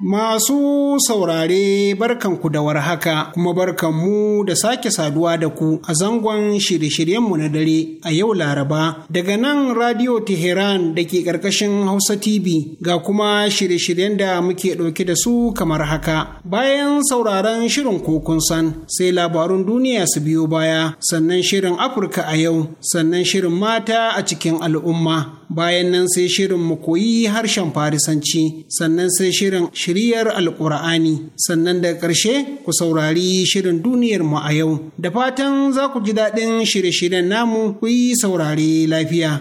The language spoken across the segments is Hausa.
Masu saurare barkanku da warhaka kuma barkanmu da sake saduwa da ku a zangon shirye-shiryenmu na dare a yau Laraba daga nan Radio Teheran da ke ƙarƙashin Hausa TV ga kuma shirye-shiryen da muke ɗauke da su kamar haka. Bayan sauraron shirin kokun san sai labarun duniya su biyo baya sannan shirin Afirka a yau sannan shirin mata a cikin al'umma bayan nan sai shirin mu koyi harshen Farisanci sannan sai shirin shiriyar alkur'ani sannan da ƙarshe ku saurari shirin duniyar mu a yau da fatan za ku ji daɗin shirye-shiryen namu ku yi saurari lafiya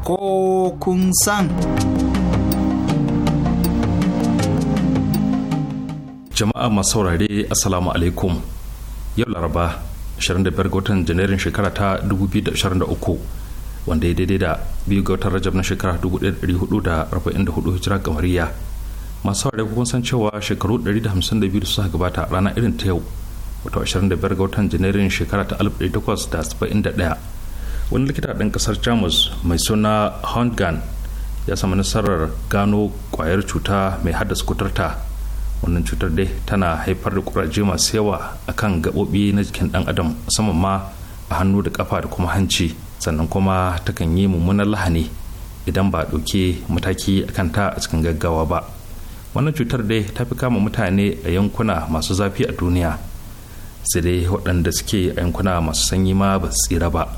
ko kun san jama'a masu saurare assalamu alaikum yau laraba 25 ga watan janairun shekara ta 2023 wanda ya daidai da biyu ga watan rajab na shekara 1444 hijira kamariya masu saurare kun san cewa shekaru 152 da suka gabata rana irin ta yau wato 25 ga watan janairun shekara ta 1871 wani likita ɗan ƙasar jamus mai suna hongan ya sami nasarar gano kwayar cuta mai haddasa kuturta wannan cutar dai tana haifar da kuraje masu yawa akan gaɓoɓi na jikin ɗan adam musamman ma a hannu da ƙafa da kuma hanci sannan kuma takan yi mummunan lahani idan ba ɗauke mataki a kanta a cikin gaggawa ba wannan cutar dai ta fi kama mutane a yankuna masu zafi a duniya sai dai waɗanda suke a yankuna masu sanyi ma ba su tsira ba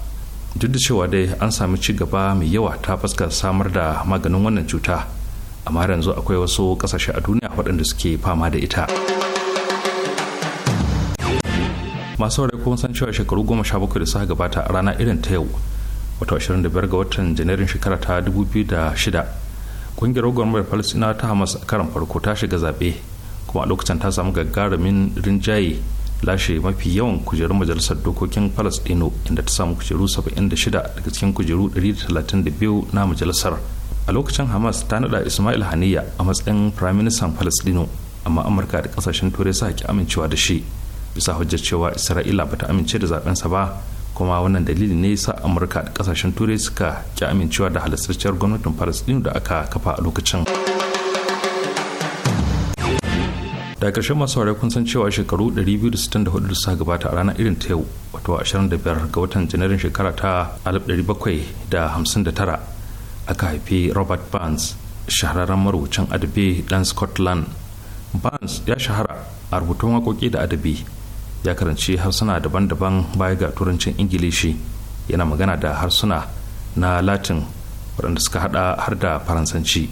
duk da cewa dai an sami ci gaba mai yawa ta fuskar samar da maganin wannan cuta amma yanzu akwai wasu kasashe a duniya waɗanda suke fama da ita. masu rai kuma san cewa shekaru goma sha bakwai da suka gabata a rana irin ta yau wata 25 ga watan janairun shekara ta 2006 kungiyar gwamnatin palestina ta hamas a karan farko ta shiga zaɓe kuma a lokacin ta samu gagarumin rinjaye lashe mafi yawan kujerun majalisar dokokin Falasdino inda ta samu kujeru 76 daga cikin kujeru 132 na majalisar a lokacin hamas ta nada ismail haniya a matsayin firaministan palestino amma amurka da kasashen turai sa ki amincewa da shi bisa hujjar cewa isra'ila bata amince da sa ba kuma wannan dalili ne sa amurka da kasashen turai suka ki amincewa da halastacciyar gwamnatin palestine da aka kafa a lokacin da ƙarshen masu saurari kun san cewa shekaru 264 da suka gabata a ranar irin ta yau wato 25 ga watan janairun shekara ta 1759 aka haifi robert barnes shahararren marubucin adabi dan scotland barnes ya shahara a rubutun waƙoƙi da adabi ya karanci harsuna daban-daban baya ga turancin ingilishi yana magana da harsuna na latin waɗanda suka hada har da faransanci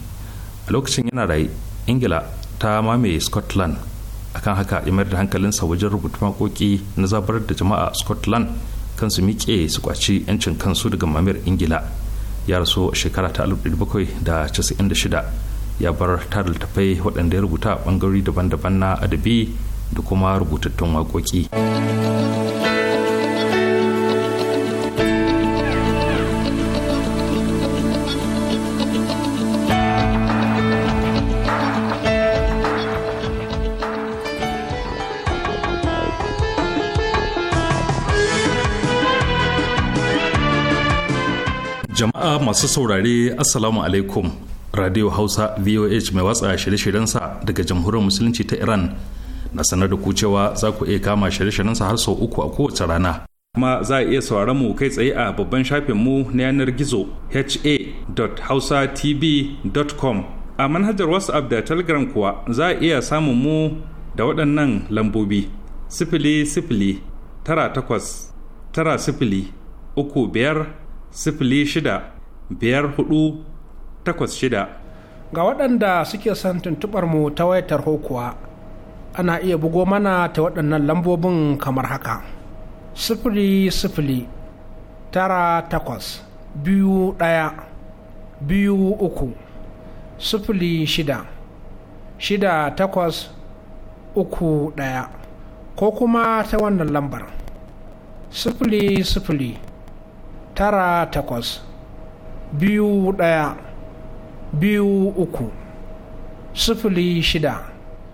a lokacin yana raye ingila ta mamaye scotland akan haka ya mayar da hankalinsa wajen rubuta makoki na zabar da jama'a scotland kan su miƙe su kwaci 'yancin kansu daga mamayar ingila ya rasu a shekara ta 1796 ya bar tarin tafai waɗanda ya rubuta ɓangarori daban-daban na adabi da kuma rubutattun waƙoƙi. jama'a masu saurare assalamu alaikum radio hausa voh mai watsa shirye-shiryensa daga jamhuriyar musulunci ta iran na sanar da ku cewa za ku iya kama shirye shiryensa har sau uku a kowace rana kuma za a iya sauraron mu kai tsaye a babban shafin mu na yanar gizo ha.hausa.tv.com a manhajar whatsapp da telegram kuwa za a iya samun mu da waɗannan lambobi sifili sifili tara takwas tara sifili uku biyar sifili shida biyar hudu takwas shida ga waɗanda suke son tuntuɓar mu ta wayar tarho kuwa ana iya bugo mana ta waɗannan lambobin kamar haka sifili sifili tara takwas biyu ɗaya biyu uku sifili shida shida takwas uku ɗaya ko kuma ta wannan lambar sifili sifili tara takwas biyu ɗaya biyu uku sifili shida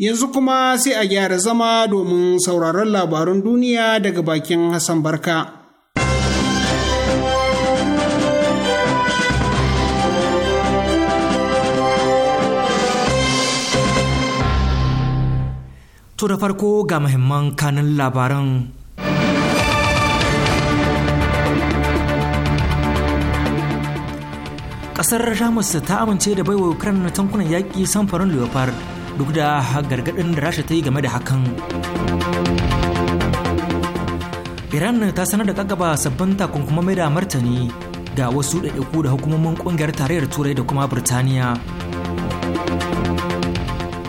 Yanzu kuma sai a gyara zama domin sauraron labarun duniya daga bakin Hassan Barka. To da farko ga muhimman kanin labaran kasar jamus ta amince da baiwa ukraine tankunan yaƙi samfarin leopard duk da gargaɗin da rasha ta yi game da hakan iran ta sanar da kagaba sabbin takunkuma mai da martani ga wasu ɗaiɗaiku da hukumomin ƙungiyar tarayyar turai da kuma birtaniya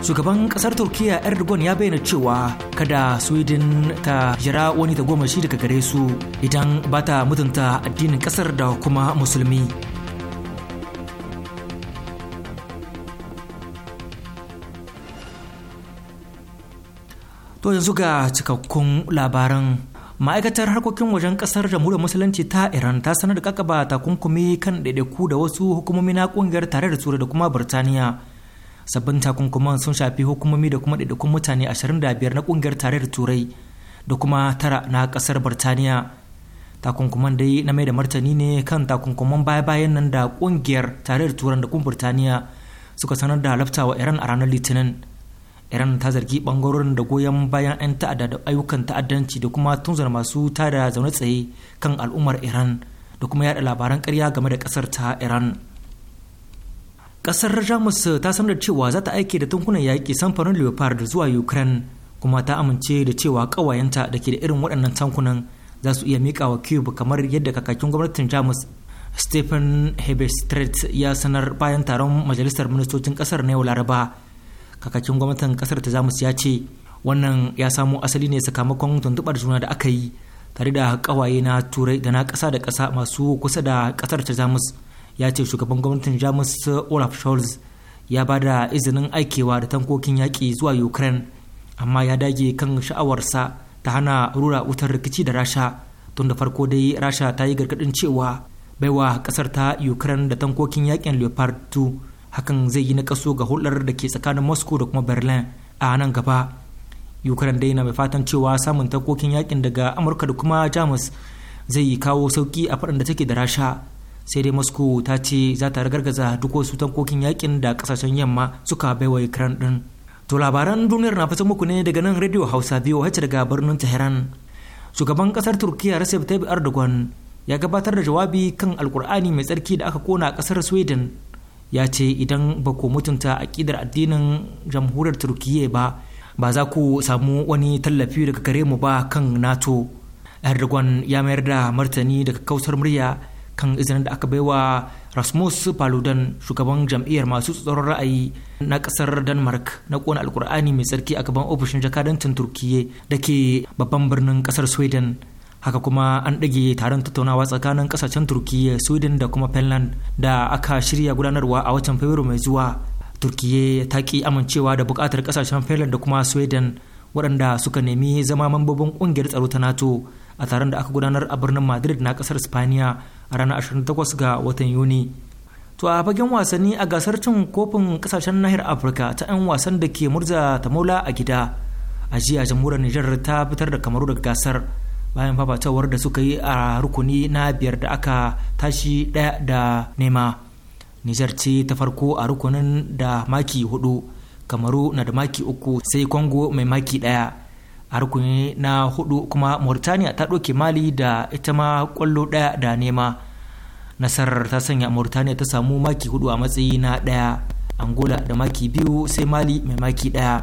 shugaban ƙasar turkiya erdogan ya bayyana cewa kada sweden ta jira wani tagomashi daga gare su idan ba ta mutunta addinin ƙasar da kuma musulmi to yanzu ga cikakkun labaran ma'aikatar harkokin wajen kasar jamhuriyar musulunci ta iran ta sanar da kakaba takunkumi kan ɗaiɗaiku da wasu hukumomi na ƙungiyar tare da turai da kuma birtaniya sabbin takunkuman sun shafi hukumomi da kuma ɗaiɗaikun mutane 25 na ƙungiyar tare da turai da kuma tara na ƙasar birtaniya takunkuman dai na mai da martani ne kan takunkuman baya-bayan nan da ƙungiyar tare da Turai da kuma birtaniya suka sanar da laftawa iran a ranar litinin iran ta zargi bangarorin da goyon bayan 'yan ta'adda da ayyukan ta'addanci da kuma tunzar masu tada zaune tsaye kan al'ummar iran da kuma yada labaran karya game da kasar ta iran kasar jamus ta sanar cewa za ta aike da tankunan yaƙi samfarin leopard zuwa ukraine kuma ta amince da cewa ƙawayenta da ke da irin waɗannan tankunan za su iya miƙa wa cube kamar yadda kakakin gwamnatin jamus stephen hebestret ya sanar bayan taron majalisar ministocin ƙasar na yau laraba kakakin gwamnatin kasar ta zamus ya ce wannan ya samo asali ne sakamakon tuntubar juna da aka yi tare da kawaye na turai da na kasa da kasa masu kusa da kasar ta jamus ya ce shugaban gwamnatin jamus olaf scholz ya ba da izinin aikewa da tankokin yaƙi zuwa ukraine amma ya dage kan sha'awarsa ta hana rura wutar rikici da rasha tun da farko dai rasha ta yi gargaɗin cewa baiwa ƙasar ta ukraine da tankokin yaƙin leopard 2 hakan zai yi kaso ga hulɗar da ke tsakanin moscow da kuma berlin a nan gaba ukraine dai na mai fatan cewa samun takokin yakin daga amurka da kuma jamus zai kawo sauki a faɗin da take da rasha sai dai moscow ta ce za ta ragargaza duk wasu tankokin yakin da kasashen yamma suka baiwa ukraine din to labaran duniyar na fitan muku ne daga nan radio hausa biyu wacce daga birnin tehran shugaban kasar turkiya recep tayyip erdogan ya gabatar da jawabi kan alkur'ani mai tsarki da aka kona a kasar sweden ya ce idan ba ku mutunta aƙidar addinin jamhuriyar turkiyya ba ba za ku samu wani tallafi daga gare mu ba kan nato erdogan ya mayar da martani daga kausar murya kan izinin da aka baiwa rasmus paludan shugaban jam'iyyar masu tsoron ra'ayi na kasar denmark na kona alkur'ani mai tsarki a gaban ofishin jakadancin turkiyya da ke babban birnin kasar sweden haka kuma an ɗage taron tattaunawa tsakanin ƙasashen turkiyya sweden da kuma finland da aka shirya gudanarwa a watan fabrairu mai zuwa turkiyya ta ki amincewa da buƙatar ƙasashen finland da kuma sweden waɗanda suka nemi zama mambobin ƙungiyar tsaro ta nato a taron da aka gudanar a birnin madrid na ƙasar spaniya a ranar 28 ga watan yuni to a fagen wasanni a gasar cin kofin ƙasashen nahiyar afirka ta 'yan wasan da ke murza ta a gida a jiya jamhuriyar nijar ta fitar da kamaru daga gasar bayan fafatawar da suka yi a rukuni na biyar da aka tashi ɗaya da nema nijar ce ta farko a rukunin da maki hudu kamaru na da maki uku sai congo mai maki ɗaya a rukuni na hudu kuma mauritania ta ɗauke mali da ita ma kwallo ɗaya da nema nasarar ta sanya mauritania ta samu maki hudu a matsayi na ɗaya angola da maki biyu sai mali mai maki ɗaya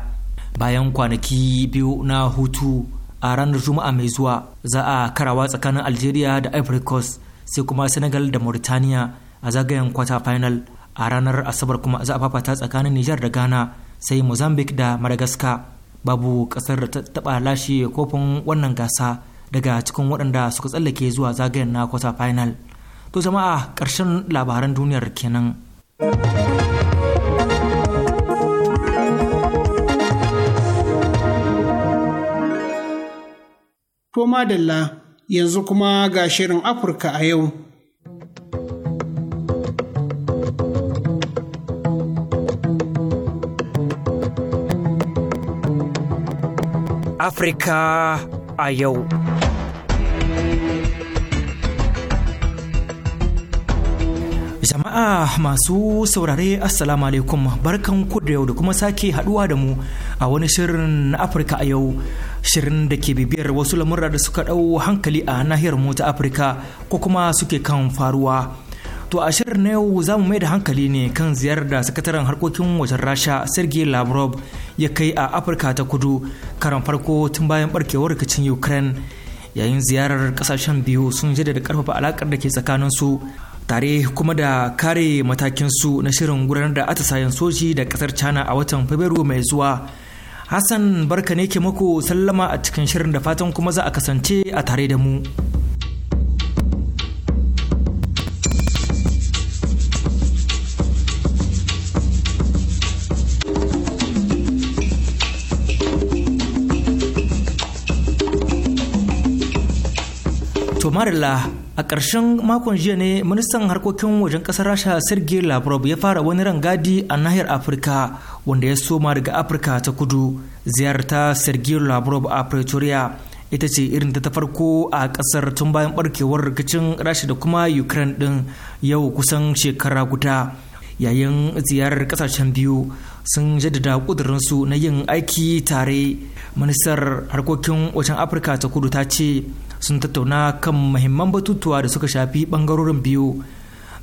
bayan kwanaki biyu na hutu a ranar juma'a mai zuwa za a karawa tsakanin algeria da ivory coast sai kuma senegal da mauritania a zagayen kwata final a ranar asabar kuma za a fafata tsakanin niger da ghana sai mozambique da madagascar babu kasar da ta taba lashe kofin wannan gasa daga cikin waɗanda suka tsallake zuwa zagayen na kwata final to jama'a ƙarshen labaran duniyar kenan. ko madalla yanzu kuma ga shirin Afirka a yau. Afirka a yau. Jama'a masu saurare Assalamu alaikum barkan ku da yau da kuma sake haɗuwa da mu a wani shirin na Afirka a yau. shirin da ke bibiyar wasu lamurra da suka ɗau hankali a nahiyar mu ta afirka ko kuma suke kan faruwa to a shirin na yau za mu mai da hankali ne kan ziyarar da sakataren harkokin wajen rasha sergei lavrov ya kai a afirka ta kudu karan farko tun bayan barkewar rikicin ukraine yayin ziyarar kasashen biyu sun jaddada karfafa alakar da ke tsakanin su tare kuma da kare matakin su na shirin gudanar da atisayen soji da kasar china a watan fabrairu mai zuwa Hassan barka ne ke muku sallama a cikin shirin da fatan kuma za a kasance a tare da mu. tomarla a ƙarshen makon jiya ne ministan harkokin wajen ƙasar rasha sergei lavrov ya fara wani rangadi a nahiyar afirka wanda ya soma daga afirka ta kudu ziyarta sergei lavrov a pretoria ita ce irin ta farko a ƙasar tun bayan barkewar rikicin rasha da kuma ukraine ɗin yau kusan shekara guda yayin ziyarar ƙasashen biyu sun jaddada ƙudurinsu na yin aiki tare ministar harkokin wajen afirka ta kudu ta ce sun tattauna kan mahimman batutuwa da suka shafi bangarorin biyu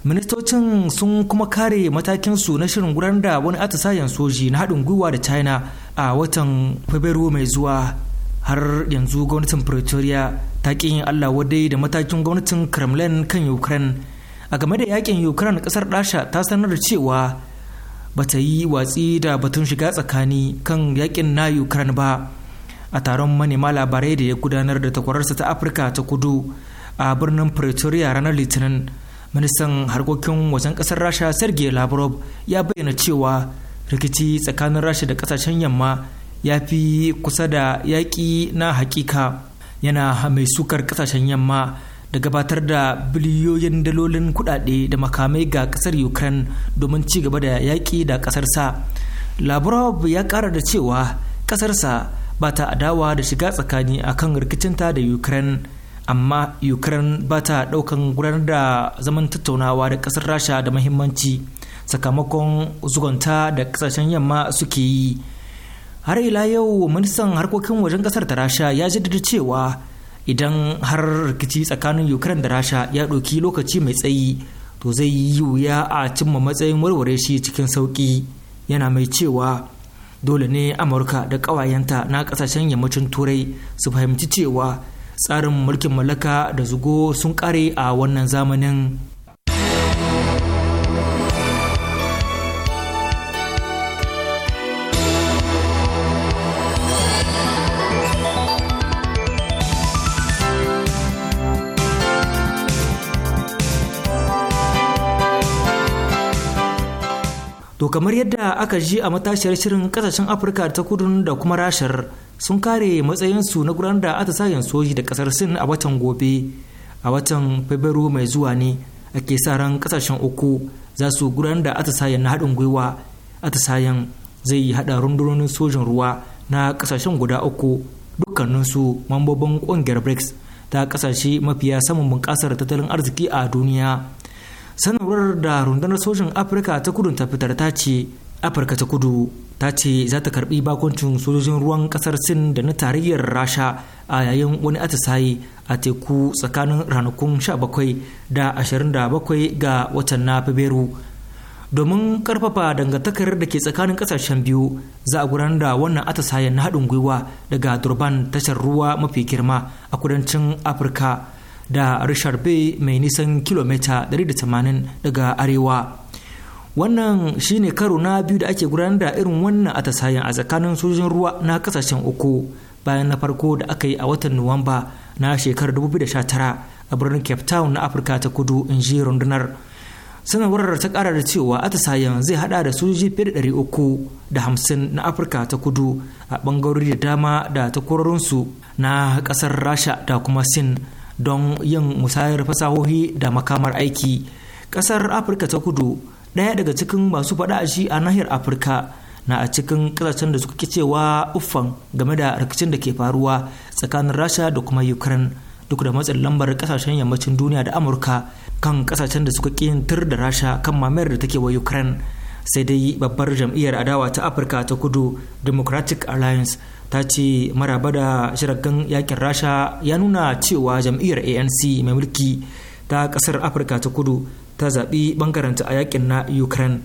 ministocin sun kuma kare matakinsu na shirin gudanar da wani atisayen soji na haɗin gwiwa da china a watan fabrairu mai zuwa har yanzu gwamnatin pretoria ta ƙi yin allah wadai da matakin gwamnatin kremlin kan ukraine a game da yakin ukraine ƙasar rasha ta sanar da cewa ba ta yi watsi da batun shiga tsakani kan yakin na ukraine ba a taron manema labarai da ya gudanar da takwararsa ta afirka ta kudu a birnin pretoria ranar litinin ministan harkokin wajen kasar rasha sergei lavrov ya bayyana cewa rikici tsakanin rasha da kasashen yamma ya fi kusa da yaƙi na hakika yana mai sukar kasashen yamma da gabatar da biliyoyin dalolin kudade da makamai ga kasar ukraine domin ci gaba da yaƙi da kasarsa lavrov ya ƙara da cewa kasarsa ba ta adawa da shiga tsakani akan rikicinta da ukraine amma ukraine ba ta daukan gudanar da zaman tattaunawa da kasar rasha da mahimmanci sakamakon zugonta da kasashen yamma suke yi har ila yau ministan harkokin wajen kasar ta rasha ya jaddada cewa idan har rikici tsakanin ukraine da rasha ya ɗauki lokaci mai tsayi to zai yi wuya a cimma matsayin warware shi cikin sauki yana mai cewa dole ne amurka da ƙawayenta na ƙasashen yammacin turai su fahimci cewa tsarin mulkin mallaka da zugo sun kare a wannan zamanin To kamar yadda aka ji a matashiyar shirin kasashen Afirka ta kudun da kuma rashar sun kare matsayinsu na gudanar da atisayen soji da kasar Sin a watan gobe a watan Fabrairu mai zuwa ne ake sa ran kasashen uku za su gudanar da atisayen na haɗin gwiwa atisayen zai haɗa rundunonin sojin ruwa na kasashen guda uku dukkaninsu mambobin ƙungiyar BRICS ta kasashe mafiya samun bunƙasar tattalin arziki a duniya. sanarwar da rundunar sojin afirka ta kudu ta fitar ta ce afirka ta kudu ta ce za ta karbi bakoncin sojojin ruwan kasar sin da na tarayyar rasha a yayin wani atisaye a teku tsakanin ranakun 17 da 27 ga watan na fabrairu domin karfafa dangantakar da ke tsakanin kasashen biyu za a gudanar da wannan atisayen na haɗin gwiwa daga durban tashar ruwa mafi girma a kudancin afirka da Richard Bay mai nisan kilomita 180 daga arewa. Wannan shine karo na biyu da ake gudanar da irin wannan tasayin a tsakanin sojin ruwa na kasashen uku bayan na farko da aka yi a watan Nuwamba na shekarar 2019 a birnin Cape Town na Afirka ta kudu in ji rundunar. sanarwar ta kara da cewa atisayen zai hada da sojoji fiye da uku da hamsin na afirka ta kudu a bangarori da dama da takwarorinsu na ƙasar rasha da kuma sin don yin musayar fasahohi da makamar aiki ƙasar afirka ta kudu ɗaya daga cikin masu faɗa shi a nahiyar afirka na a cikin ƙasashen da suka cewa uffan game da rikicin da ke faruwa tsakanin rasha da kuma ukraine duk da matsin lambar ƙasashen yammacin duniya da amurka kan ƙasashen da suka ƙin tur da rasha kan mamayar da take wa ukraine sai dai babbar jam'iyyar adawa ta afirka ta kudu democratic alliance ta ce maraba da shirakan yakin rasha ya nuna cewa jam'iyyar anc mai mulki ta kasar afirka ta kudu ta zaɓi bangaranta a yakin na ukraine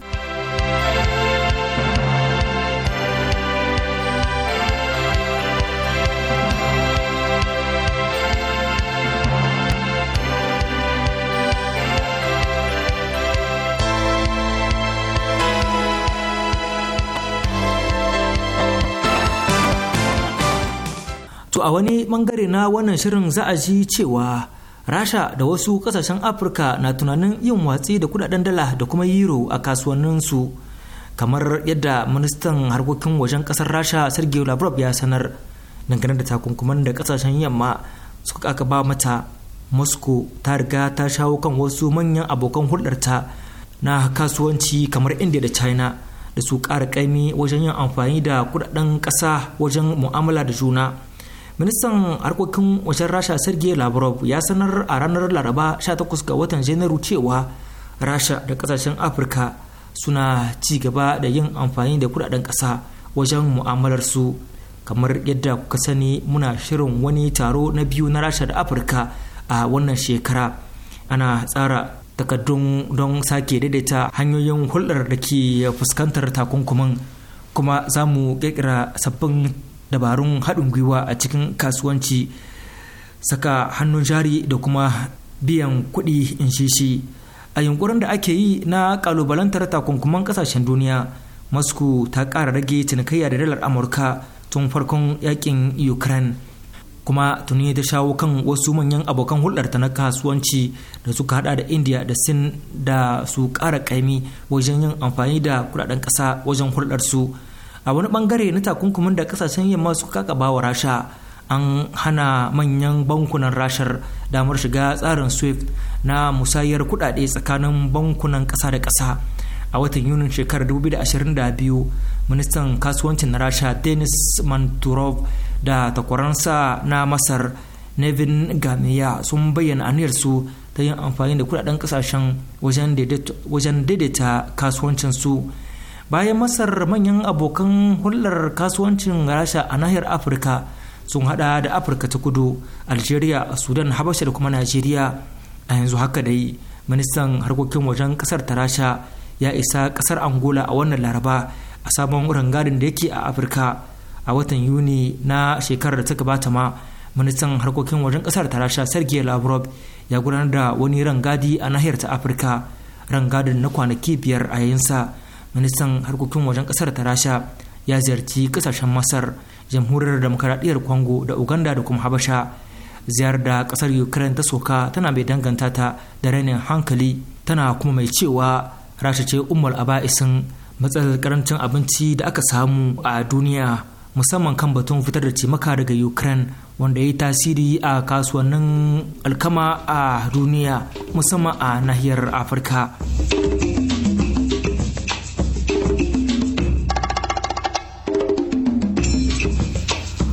a wani bangare na wannan shirin za a ji cewa Rasha da wasu kasashen Afirka na tunanin yin watsi da kudaden dala da kuma euro a kasuwanninsu kamar yadda ministan harkokin wajen kasar Rasha Sergei Lavrov ya sanar dangane da takunkuman da kasashen yamma suka aka ba mata Moscow ta riga ta shawo kan wasu manyan abokan hulɗarta na kasuwanci kamar India da China da su ƙara ƙaimi wajen yin amfani da kudaden ƙasa wajen mu'amala da juna. ministan harkokin wajen rasha sergei lavrov ya sanar a ranar laraba 18 ga watan janairu cewa rasha da kasashen afirka suna ci gaba da yin amfani da kudaden kasa wajen mu'amalar su kamar yadda kuka sani muna shirin wani taro na biyu na rasha da afirka a wannan shekara ana tsara takaddun don sake daidaita hanyoyin hulɗar da ke fuskantar takunkumin kuma za mu ƙirƙira sabbin dabarun haɗin gwiwa a cikin kasuwanci saka hannun jari da kuma biyan kuɗi in shishi a yunkurin da ake yi na kalubalantar takunkuman ƙasashen duniya moscow ta ƙara rage cinikayya da dalar amurka tun farkon yakin ukraine kuma tuni ta shawo kan wasu manyan abokan hulɗar ta na kasuwanci da suka hada da india da sin da su ƙara ƙaimi wajen yin amfani da kudaden ƙasa wajen hulɗar su a wani bangare na takunkumin da kasashen yamma suka bawa rasha an hana manyan bankunan rashar damar shiga tsarin swift na musayar kudade tsakanin bankunan kasa da kasa a watan yunin shekarar 2022 ministan kasuwancin na rasha denis manturov da takwaransa na masar nevin gamiya sun bayyana aniyarsu ta yin amfani da kudaden kasashen wajen daidaita kasuwancinsu su bayan masar manyan abokan hulɗar kasuwancin rasha a nahiyar afirka sun hada da afirka ta kudu algeria sudan habasha da kuma nigeria a yanzu haka dai ministan harkokin wajen kasar ta rasha ya isa kasar angola a wannan laraba a sabon rangadin da yake a afirka a watan yuni na shekarar da ta gabata ma ministan harkokin wajen kasar ta rasha sergei lavrov ya gudanar da wani rangadi a nahiyar ta afirka rangadin na kwanaki biyar a yayinsa ministan harkokin wajen kasar ta rasha ya ziyarci kasashen masar jamhuriyar demokaradiyyar congo da uganda da kuma habasha ziyar da kasar ukraine ta soka tana mai danganta ta da rainin hankali tana kuma mai cewa rasha ce ummul aba'isin matsalar karancin abinci da aka samu a duniya musamman kan batun fitar da cimaka daga ukraine wanda ya yi tasiri a kasuwannin alkama a duniya musamman a nahiyar afirka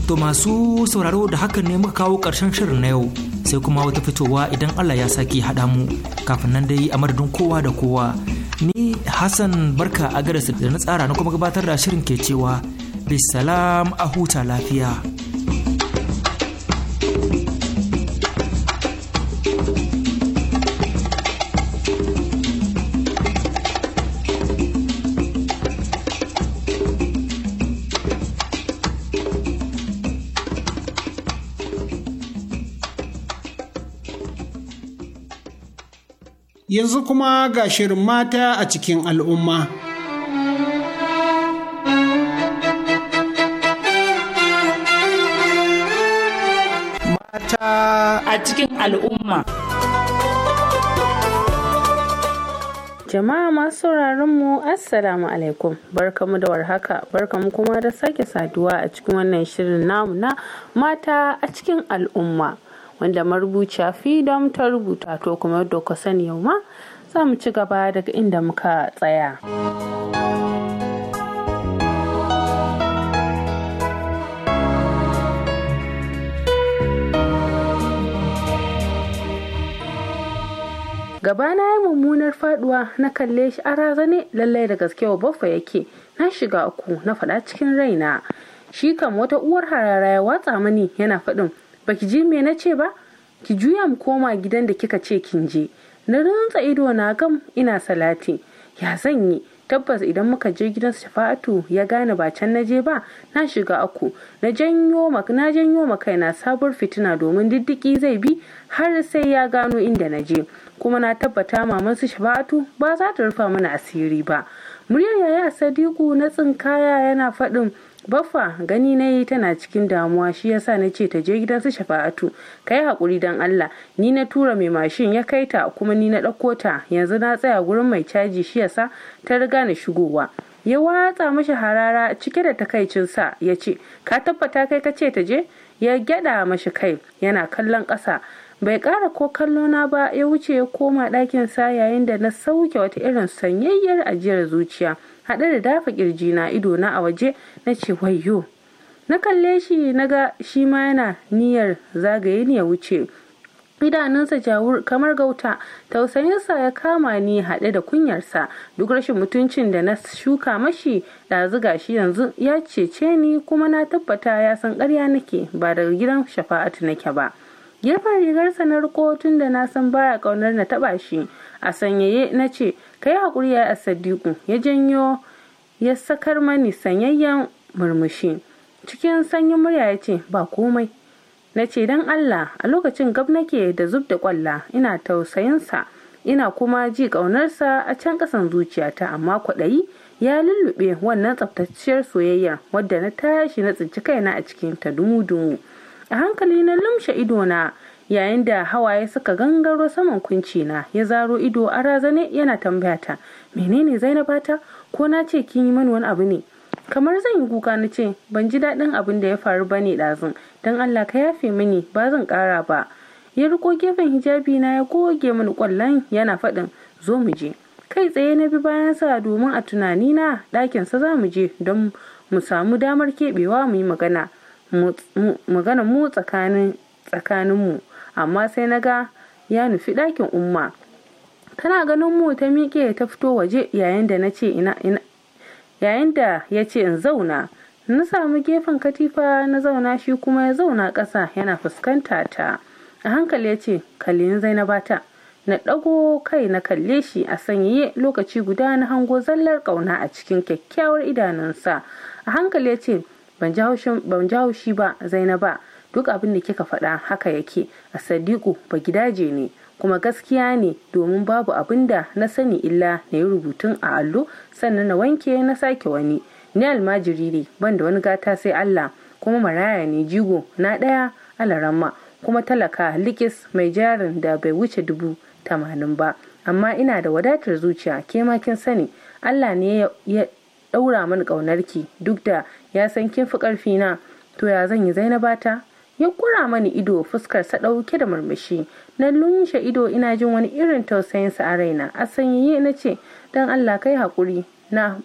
To masu sauraro da hakan ne muka kawo ƙarshen shirin na yau sai kuma wata fitowa idan Allah ya saki haɗa mu kafin nan dai a madadin kowa da kowa. Ni Hassan Barka a da na tsara na kuma gabatar da shirin ke cewa bisalam a huta lafiya. yanzu kuma ga shirin mata a cikin al'umma. Mata a cikin al'umma. Jama'a masu sauraron mu Assalamu alaikum barkamu da warhaka barkamu kuma da sake saduwa a cikin wannan shirin namu na mata a cikin al'umma. wanda marubuciya freedom ta rubuta to kuma yadda ka sani yau ma za mu ci gaba daga inda muka tsaya. gabana ya mummunar faduwa na kalle shi a razane lallai da gaske wa baffa yake na shiga uku na faɗa cikin raina shi kam wata uwar harara ya watsa mani yana faɗin baki ji me na ce ba ki juya mu koma gidan da kika ce kin je na rantsa ido na gam ina salati ya zan yi tabbas idan muka je gidan shafa'atu ya gane ba can na je ba na shiga aku na janyo na janyo maka sabuwar fitina domin diddiki zai bi har sai ya gano inda na je kuma na tabbata maman su shafa'atu ba za ta rufa mana asiri ba muryar yaya sadiku na tsinkaya yana faɗin baffa gani na yi tana cikin damuwa shi yasa na ce ta je gidan su shafa'atu ka yi haƙuri don allah ni na tura mai mashin ya kai ta kuma ni na ɗauko ta yanzu na tsaya gurin mai caji shi yasa ta riga na shigowa ya watsa mashi harara cike da takaicin sa ya ce ka tabbata kai ka ce ta je ya gyada mashi kai yana kallon ƙasa bai ƙara ko kallo na ba ya wuce ya koma ɗakin sa yayin da na sauke wata irin sanyayyar ajiyar zuciya haɗe da dafa kirji na ido na a waje na ce wayo. na kalle shi na ga shi ma yana niyyar zagaye ni ya wuce idanunsa jawur kamar gauta tausayinsa ya kama ni haɗe da kunyarsa duk rashin mutuncin da na shuka mashi ɗazuga shi yanzu ya cece ni kuma na tabbata ya san karya nake ba daga gidan shafa'atu nake ba girfan rigarsa na riko tun da na san baya ƙaunar na taɓa shi a sanyaye na ce kai hakuri ya asadiku ya janyo ya sakar mani sanyayyen murmushi cikin sanyin murya ya ce ba komai na ce don allah a lokacin gab nake da zub da kwalla ina tausayinsa ina kuma ji ƙaunarsa a can ƙasan zuciyata amma kwaɗayi ya lullube wannan tsaftacciyar soyayya wadda na tashi na tsinci kaina a cikin ta dumu-dumu a hankali na lumshe idona yayin da hawaye suka gangaro saman kunci na ya zaro ido a razane yana tambaya ta menene zainabata ko na ce kin yi mani wani abu ne kamar zan yi kuka na ce ban ji daɗin abin da ya faru ba ne ɗazun don allah ka yafe mini ba zan kara ba ya riko gefen hijabi na ya goge mini ƙwallon yana faɗin zo mu je kai tsaye na bi bayan sa domin a tunani na sa za mu je don mu samu damar keɓewa mu yi magana mu tsakanin tsakaninmu amma sai na ga ya nufi ɗakin umma tana ganin mu ta miƙe ta fito waje yayin da na ce ina ina yayin da ya ce in zauna na samu gefen katifa na zauna shi kuma ya zauna ƙasa yana fuskanta ta a hankali ya ce kalli zainaba ta na ɗago kai na kalle shi a sanyaye lokaci guda na hango zallar ƙauna a cikin kyakkyawar idanunsa a hankali ya ce ban ji haushi ba zainaba duk abin da kika faɗa haka yake a sadiku ba gidaje ne kuma gaskiya ne domin babu abin da na sani illa na yi rubutun a allo sannan na wanke na sake wani ni almajiri ne ban da wani gata sai allah kuma maraya ne jigo na ɗaya alaramma kuma talaka likis mai jarin da bai wuce dubu tamanin ba amma ina da wadatar zuciya ke makin kin sani allah ne ya ɗaura mani ƙaunarki duk da ya san kin fi ƙarfi na to ya zan yi zainabata ya kura mani ido fuskar sa ɗauke da murmushi na lunshe ido ina jin wani irin tausayin sa a raina a sanyaye na ce dan allah kai hakuri na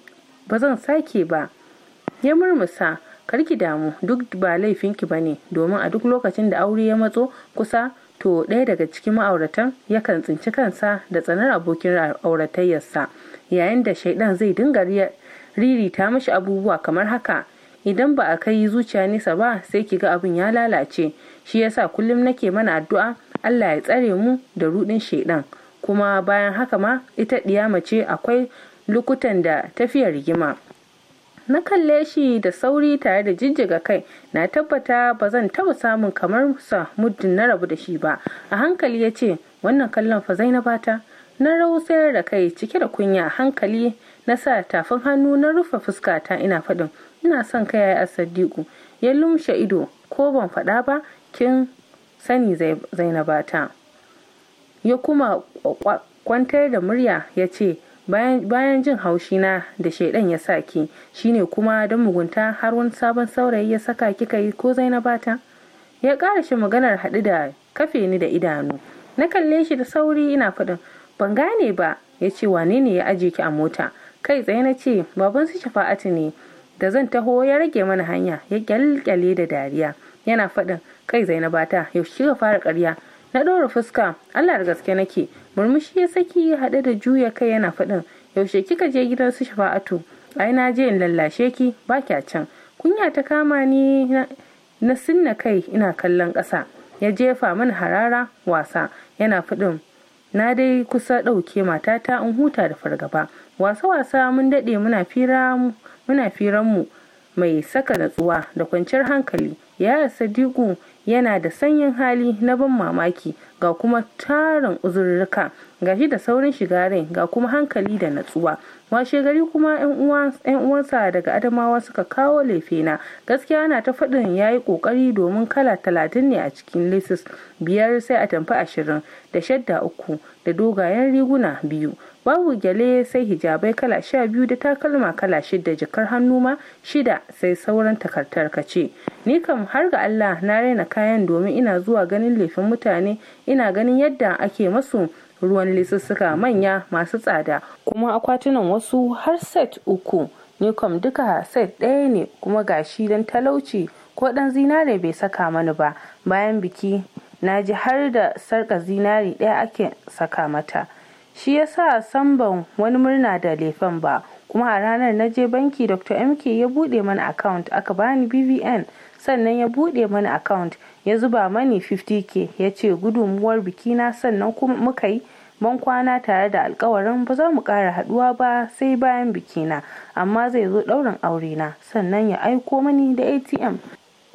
ba zan sake ba ya murmusa karki damu duk ba laifinki ba ne domin a duk lokacin da aure ya matso kusa to ɗaya daga cikin ma'auratan yakan tsinci kansa da tsanar abokin auratayyarsa yayin da shaidan zai dinga ririta mashi abubuwa kamar haka idan ba a kai zuciya nesa ba sai ki ga abin ya lalace shi yasa kullum nake mana addu'a Allah ya tsare mu da rudin shaidan kuma bayan haka ma ita diya mace akwai lokutan da tafiyar rigima na kalle shi da sauri tare da jijjiga kai na tabbata ba zan taba samun kamar sa muddin na rabu da shi ba a hankali ya ce wannan kallon fa Na ta na rausayar da kai cike da kunya a hankali na sa tafin hannu na rufe fuskata ina faɗin ina son kai yayi sadiku ya lumshe ido ko ban faɗa ba kin sani zainabata ya kuma kwantar da murya ya ce bayan jin haushi na da shaidan ya sa ki shine kuma don mugunta har wani sabon saurayi ya saka kika yi ko zainabata ya ƙara shi maganar haɗu da kafe ni da idanu na kalle shi da sauri ina faɗin ban gane ba ya ce wane ne ya ajiye ki a mota kai tsaye na ce baban su shafa'atu ne da zan taho ya rage mana hanya ya kyalkyale da dariya yana faɗin kai zainabata yaushe kika fara karya? na ɗora fuska allah da gaske nake murmushi ya saki ya haɗe da juya kai yana faɗin yaushe kika je gidan su shafa'atu ai na je in lallashe ki ba kya can kunya ta kama ni na sinna kai ina kallon ƙasa ya jefa min harara wasa yana faɗin na dai kusa ɗauke matata in huta da fargaba wasa-wasa mun daɗe muna fira mu. muna mu mai saka natsuwa da kwanciyar hankali ya sadiku yana da sanyin hali na ban mamaki ga kuma tarin uzurrika ga shi da saurin shiga rai ga kuma hankali da natsuwa washe gari kuma yan uwansa daga adamawa suka kawo lefena gaskiya ana ta faɗin ya yi ƙoƙari domin kala talatin ne a cikin lesis biyar sai a tamfi ashirin da shadda uku da dogayen riguna biyu babu gyale sai hijabai kala sha biyu da takalma kala shida jikar hannu ma shida sai sauran takartar kace ni kam har ga Allah na raina kayan domin ina zuwa ganin lefin mutane ina ganin yadda ake masu ruwan lisussuka manya masu tsada kuma akwatunan wasu har set uku ni kam duka set ɗaya ne kuma gashi dan talauci ko ɗan zinare bai saka mani ba bayan biki na ji har da sarka zinari ɗaya ake saka mata shi ya sa san ban wani murna da lefen ba kuma a ranar na je banki dr mk ya bude mana account aka bani bvn sannan ya bude mana account ya zuba mani 50k ya ce gudunmuwar bikina sannan kuma muka yi ban kwana tare da alkawarin ba za mu ƙara haɗuwa ba sai bayan bikina amma zai zo ɗaurin aure na sannan ya aiko mani da atm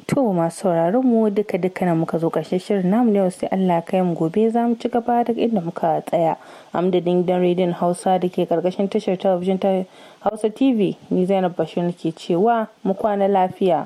To masu sauraron mu duka duka na muka zo ƙarshen shirin namu yau sai Allah kai mu gobe za mu ci gaba da inda muka tsaya. amadadin gidan rediyon Hausa da ke karkashin tashar talabijin ta Hausa TV ni Zainab Bashir ke cewa mu kwana lafiya.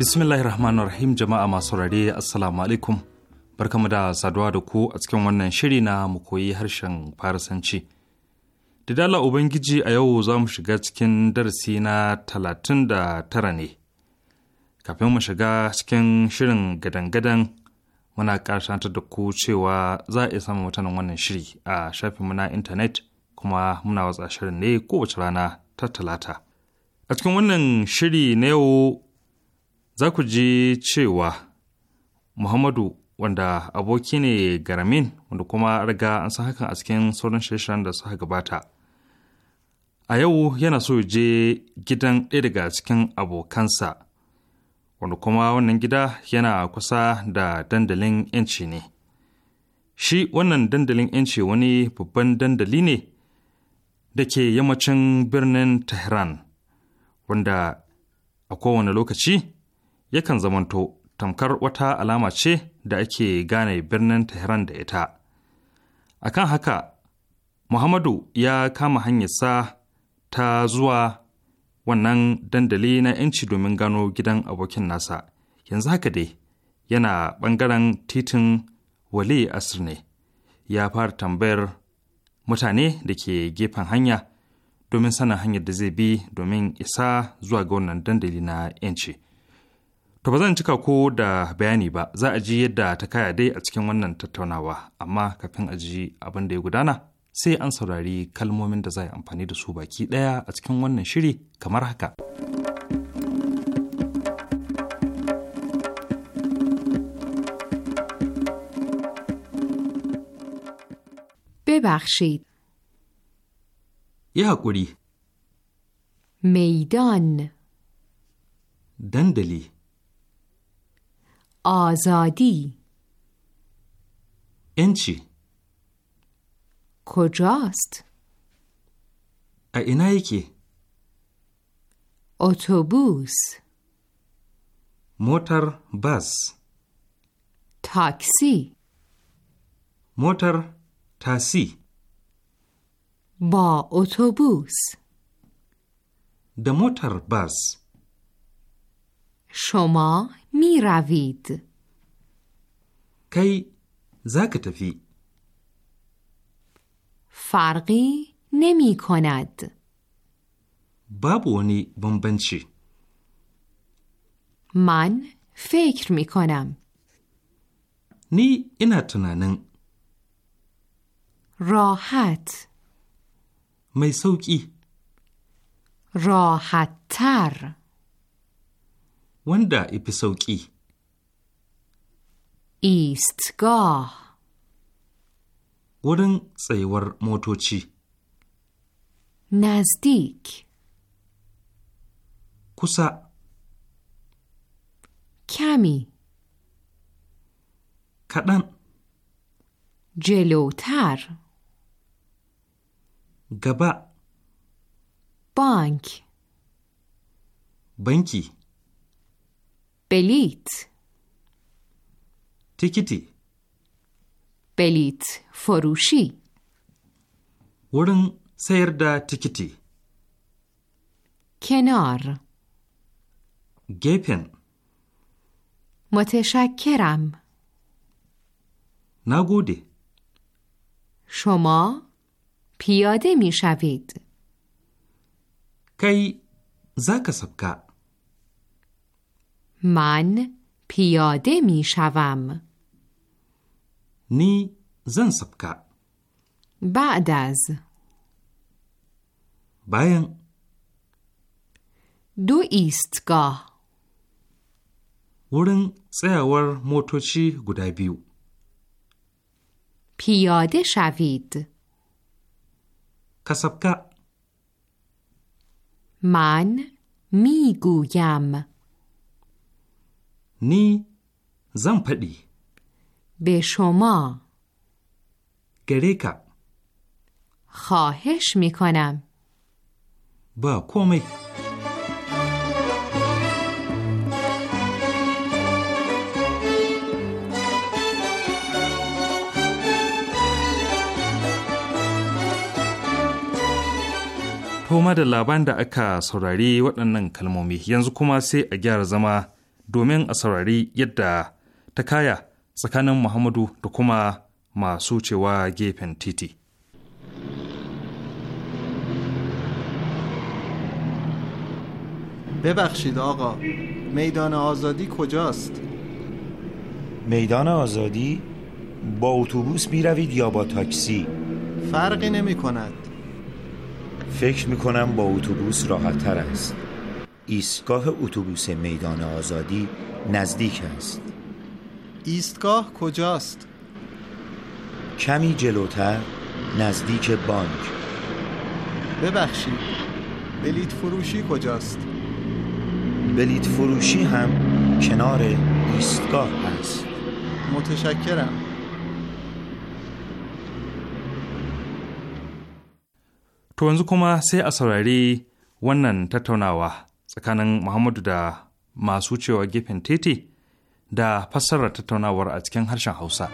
Bismillahir Rahmanir Rahim jama'a masu rare Assalamu alaikum. Barkamu da saduwa da ku a cikin wannan shiri na mu koyi harshen farasanci. Didala Ubangiji a yau za mu shiga cikin darasi na talatin da tara ne. Kafin mu shiga cikin shirin gadan-gadan muna karshantar da ku cewa za a iya samun mutanen wannan shiri a shafinmu na intanet kuma muna watsa shirin ne kowace rana ta talata. A cikin wannan shiri na yau za ku ji cewa Muhammadu wanda aboki ne garamin wanda kuma riga an san hakan a cikin sauran shirin da suka gabata. A yau yana so ya je gidan ɗaya daga cikin abokansa wanda kuma wannan gida yana kusa da dandalin 'yanci ne. Shi wannan dandalin 'yanci wani babban dandali ne da ke yammacin birnin Tehran wanda a kowane lokaci yakan zamanto tamkar wata alama ce da ake gane birnin Tehran da ita. Akan haka, Muhammadu ya kama hanyarsa ta zuwa wannan dandali na 'yanci domin gano gidan abokin nasa. Yanzu haka dai, yana ɓangaren titin Wali Asir ne, ya fara tambayar mutane da ke gefen hanya domin sanin hanyar da zai bi domin isa zuwa ga wannan dandali na 'yanci. To ba zan cika ko da bayani ba, za a ji yadda ta kaya dai a cikin wannan tattaunawa, amma kafin a ji abin da ya gudana, sai an saurari kalmomin da za a yi amfani da su baki ɗaya a cikin wannan shiri kamar haka. yi یه حقوری میدان دندلی آزادی این چی؟ کجاست؟ اینا یکی اتوبوس موتر بس تاکسی موتر تاسی با اتوبوس د موتر بس شما می روید کی زکتفی تفی فرقی نمی کند بابونی بمبنچی من فکر می کنم نی اینا راحت می سوکی راحت تر wanda ifi sauƙi. ایستگاه wurin tsayuwar motoci. nasdik kusa Kami. kaɗan Jelotar? gaba Banki. banki بلیت تیکیتی بلیت فروشی ورن سیر دا تیکیتی کنار گیپن متشکرم نگودی شما پیاده می شوید کی زاک سبکه من پیاده می شوم. نی زن سبکه. بعد از باین دو ایستگاه ورن سیاور موتوچی گودا بیو پیاده شوید کسبکا من می میگویم zan faɗi. Be به Gare ka. خواهش میکنم Ba komai. To da labar da aka saurari waɗannan kalmomi yanzu kuma sai a gyara zama domin a saurari yadda ta kaya tsakanin Muhammadu da kuma masu cewa gefen titi. ببخشید آقا میدان آزادی کجاست؟ میدان آزادی؟ با اتوبوس روید یا با تاکسی؟ فرقی نمی کند فکر می کنم با اتوبوس راحت تر است ایستگاه اتوبوس میدان آزادی نزدیک است ایستگاه کجاست؟ کمی جلوتر نزدیک بانک ببخشید بلیت فروشی کجاست؟ بلیت فروشی هم کنار ایستگاه است متشکرم تو yanzu kuma sai a saurari wannan tattaunawa tsakanin Muhammadu da masu cewa gefen titi da fassarar tattaunawar a cikin harshen Hausa.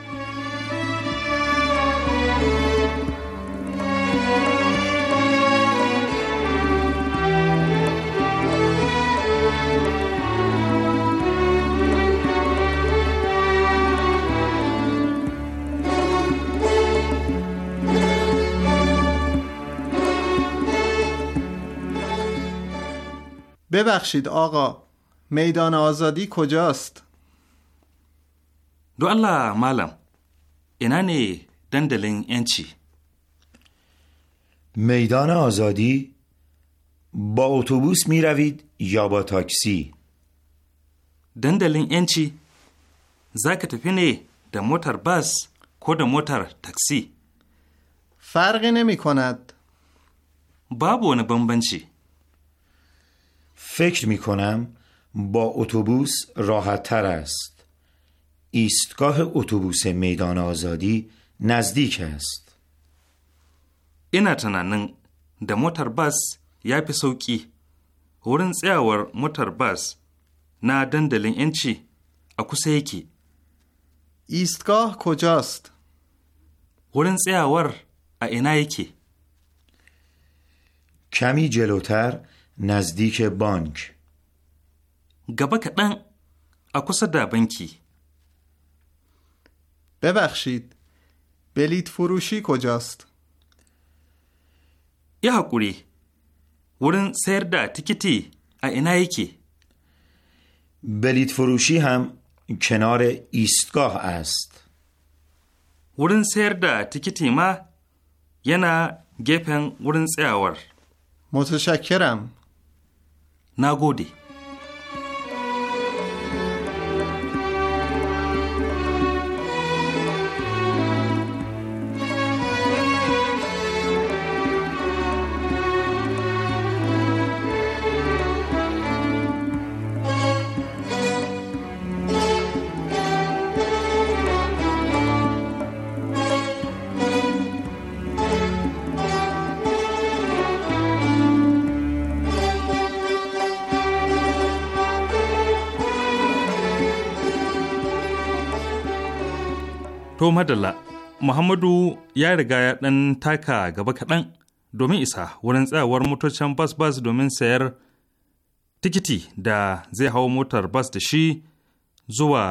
ببخشید آقا میدان آزادی کجاست؟ دو الله مالم اینا دندلین انچی میدان آزادی با اتوبوس می روید یا با تاکسی دندلین انچی زاک تفی نه ده موتر بس کو د موتر تاکسی فرقی نمی کند بابو بمبنچی فکر می کنم با اتوبوس راحت تر است. ایستگاه اتوبوس میدان آزادی نزدیک است. اینا تنانن ده موتر بس یا پسوکی ورن سیاور موتر بس نا دندلین انچی اکو سیکی ایستگاه کجاست؟ ورن سیاور اینا یکی کمی جلوتر نزدیک بانک گبا کتن؟ اکوس دا بانکی ببخشید بلیت فروشی کجاست؟ یه حکوری ورن سیر دا تیکیتی اینا یکی بلیت فروشی هم کنار ایستگاه است ورن سیر دا تیکیتی ما یه نه گپن ورن سیاور متشکرم Na gode. madalla, Muhammadu ya riga ya ɗan taka gaba kaɗan domin isa wurin tsayawar motocin bas-bas domin sayar tikiti da zai hau motar bas da shi zuwa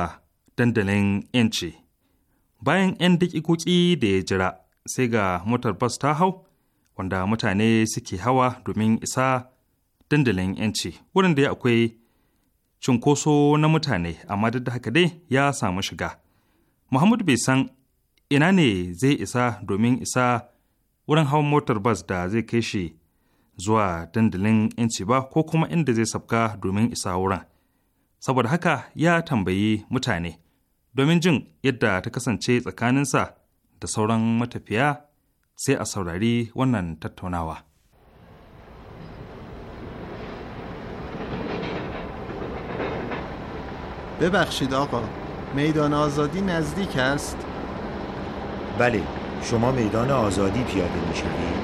dandalin 'yanci. Bayan 'yan daƙiƙoƙi da ya jira, sai ga motar bas ta hau, wanda mutane suke hawa domin isa dandalin 'yanci, wurin da ya akwai cinkoso na mutane, amma duk da haka dai ya samu shiga. Muhammad bai san ina ne zai isa domin isa wurin hawan motar bas da zai kai shi zuwa dandalin 'yanci ba ko kuma inda zai sabka domin isa wurin. Saboda haka ya tambayi mutane domin jin yadda ta kasance tsakaninsa da sauran matafiya sai a saurari wannan tattaunawa. ببخشید آقا میدان آزادی نزدیک است؟ بله شما میدان آزادی پیاده می شوید؟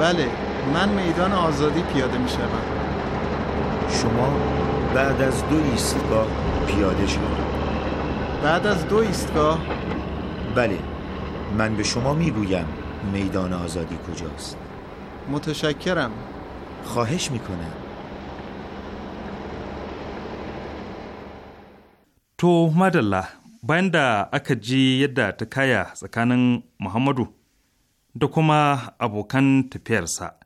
بله من میدان آزادی پیاده می شوم. شما بعد از دو ایستگاه پیاده شوید بعد از دو ایستگاه؟ بله من به شما می میدان آزادی کجاست متشکرم خواهش می کنم To madalla bayan da aka ji yadda ta kaya tsakanin Muhammadu da kuma abokan tafiyarsa,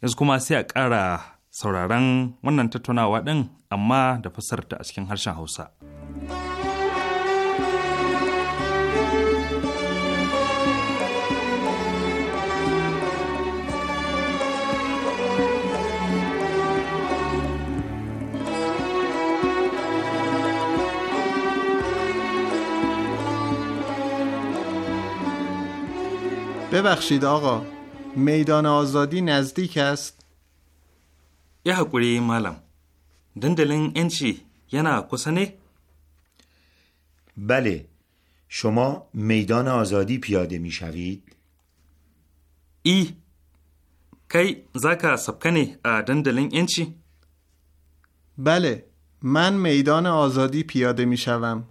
yanzu kuma sai a ƙara sauraron wannan tattaunawa ɗin amma da fasarta a cikin harshen Hausa. ببخشید آقا میدان آزادی نزدیک است یه حکوری مالم دندلین انچی یعنی کسنه؟ بله شما میدان آزادی پیاده می شوید؟ ای کی زکا سبکنه دندلین انچی؟ بله من میدان آزادی پیاده می شوم.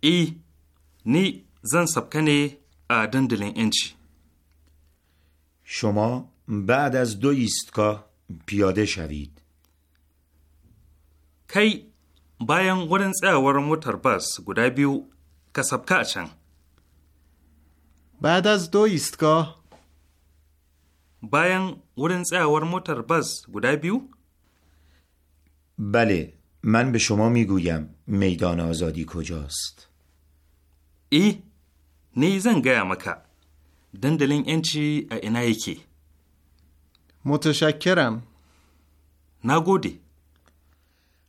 ای نی زن سبکنه دندلین اینچ شما بعد از دو ایستگاه پیاده شوید کی باین ورن سیاور موتر بس گودا بیو کسب کاچن بعد از دو ایستگاه باین ورن سیاور موتر بس گودا بیو بله من به شما میگویم میدان آزادی کجاست ای Ni zan gaya maka dandalin ‘yanci a ina yake. Motoshakiram. Na gode.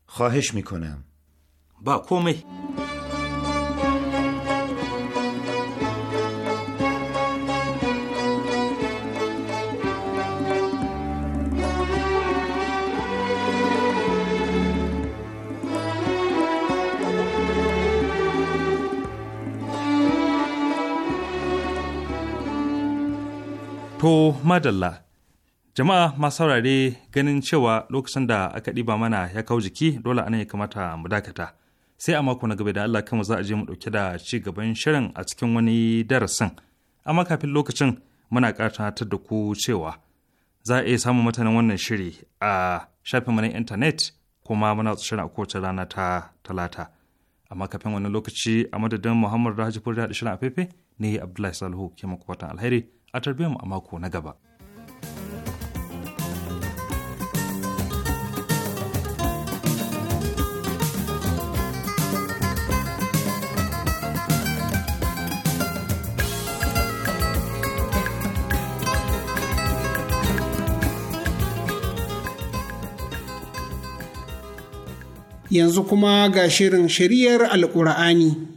Khwahish mikunan. Ba komai. To, madalla, jama'a masu saurare ganin cewa lokacin da aka ɗiba mana ya kau jiki dole anan ya kamata mu dakata. Sai a mako na gaba da Allah kama za a je mu ɗauke da ci gaban shirin a cikin wani darasin. Amma kafin lokacin muna ƙarfatar da ku cewa za a iya samun mutanen wannan shiri a shafin mana intanet kuma muna shirin a kowace rana ta talata. Amma kafin wani lokaci a madadin Muhammadu Rahaji da da shirin a ne Abdullahi Salihu ke makwatan alheri. a tarbiyyar mu a mako na gaba. yanzu kuma ga shirin shiriyar alkur'ani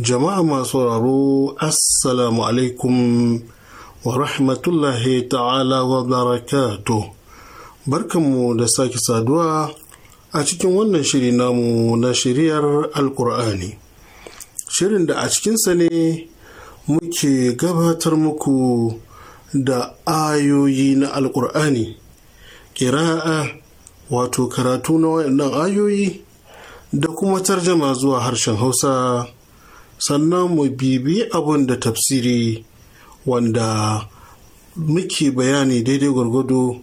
jama'a masu raro assalamu alaikum wa rahmatullahi ta'ala wa barakatu barkanmu da sake saduwa a cikin wannan shiri namu na shiriyar alkur'ani shirin da a cikinsa ne muke gabatar muku da ayoyi na alkur'ani kira'a wato karatu na waɗannan ayoyi da kuma tarjama zuwa harshen hausa sannan mu bibi abin da tafsiri wanda muke bayani daidai gwargwado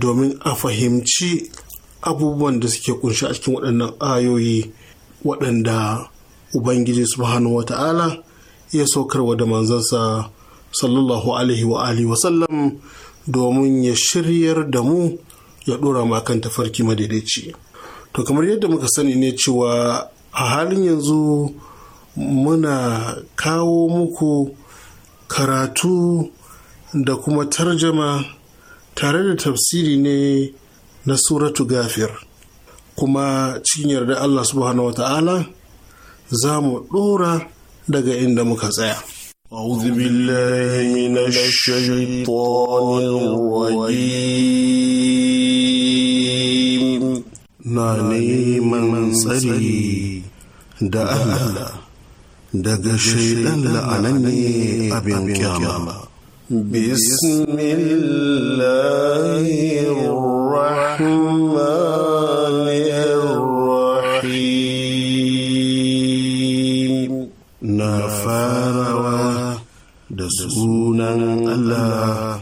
domin a fahimci abubuwan da suke kunshi a cikin waɗannan ayoyi waɗanda ubangiji subhanahu wata'ala ya saukarwa da manzansa sallallahu alaihi wa alihi wasallam domin ya shiryar da mu ya ɗora makan tafarki madaidaici to kamar yadda muka sani ne cewa a halin yanzu muna kawo muku karatu da kuma tarjama tare da tafsiri ne na suratu gafir kuma cikin yarda Allah subhanahu ta'ala, za mu ɗora daga inda muka tsaya. أعوذ بالله من الشيطان الرجيم na من tsari da Allah دد شيئا لعلني أبي القيامة بسم الله الرحمن الرحيم نفر دسونا الله